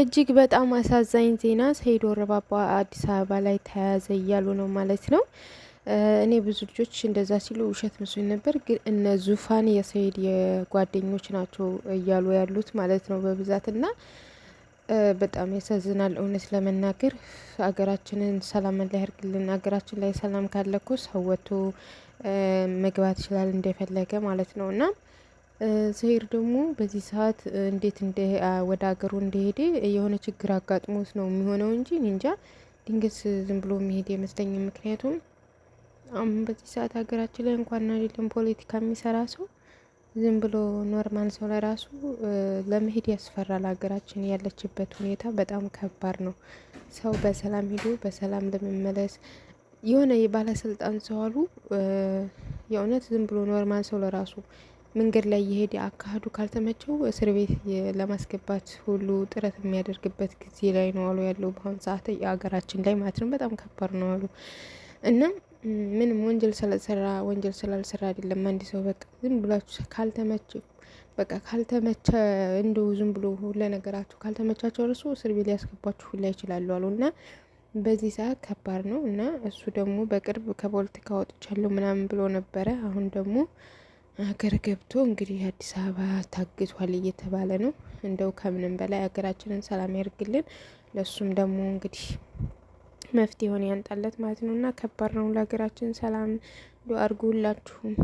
እጅግ በጣም አሳዛኝ ዜና ሰይድ ወረባባ አዲስ አበባ ላይ ተያያዘ እያሉ ነው ማለት ነው። እኔ ብዙ ልጆች እንደዛ ሲሉ ውሸት መስሎኝ ነበር፣ ግን እነ ዙፋን የሰይድ የጓደኞች ናቸው እያሉ ያሉት ማለት ነው በብዛት እና በጣም ያሳዝናል። እውነት ለመናገር አገራችንን ሰላም ላይ ያርግልን። ሀገራችን ላይ ሰላም ካለ እኮ ሰው ወጥቶ መግባት ይችላል እንደፈለገ ማለት ነው እና ሰሄር ደግሞ በዚህ ሰዓት እንዴት እንደ ወደ ሀገሩ እንደሄደ የሆነ ችግር አጋጥሞት ነው የሚሆነው እንጂ እንጃ ድንገት ዝም ብሎ መሄድ አይመስለኝም። ምክንያቱም አሁን በዚህ ሰዓት ሀገራችን ላይ እንኳን አይደለም ፖለቲካ የሚሰራ ሰው ዝም ብሎ ኖርማል ሰው ለራሱ ለመሄድ ያስፈራል። ሀገራችን ያለችበት ሁኔታ በጣም ከባድ ነው። ሰው በሰላም ሄዶ በሰላም ለመመለስ የሆነ የባለስልጣን ሰው አሉ የእውነት ዝም ብሎ ኖርማል ሰው ለራሱ መንገድ ላይ እየሄደ አካሄዱ ካልተመቸው እስር ቤት ለማስገባት ሁሉ ጥረት የሚያደርግበት ጊዜ ላይ ነው አሉ ያለው በአሁን ሰዓት የሀገራችን ላይ ማለት ነው። በጣም ከባድ ነው አሉ እና ምንም ወንጀል ስለሰራ ወንጀል ስላልሰራ አይደለም። አንድ ሰው በቃ ዝም ብላችሁ ካልተመች በቃ ካልተመቸ እንደው ዝም ብሎ ሁለ ነገራችሁ ካልተመቻቸው እርሱ እስር ቤት ሊያስገባችሁ ሁላ ይችላሉ አሉ እና በዚህ ሰዓት ከባድ ነው እና እሱ ደግሞ በቅርብ ከፖለቲካ ወጥቻለሁ ምናምን ብሎ ነበረ። አሁን ደግሞ ሀገር ገብቶ እንግዲህ አዲስ አበባ ታግቷል እየተባለ ነው። እንደው ከምንም በላይ ሀገራችንን ሰላም ያርግልን። ለሱም ደግሞ እንግዲህ መፍትሄ የሆነ ያንጣለት ማለት ነው እና ከባድ ነው። ለሀገራችን ሰላም ዱ አርጉ ሁላችሁም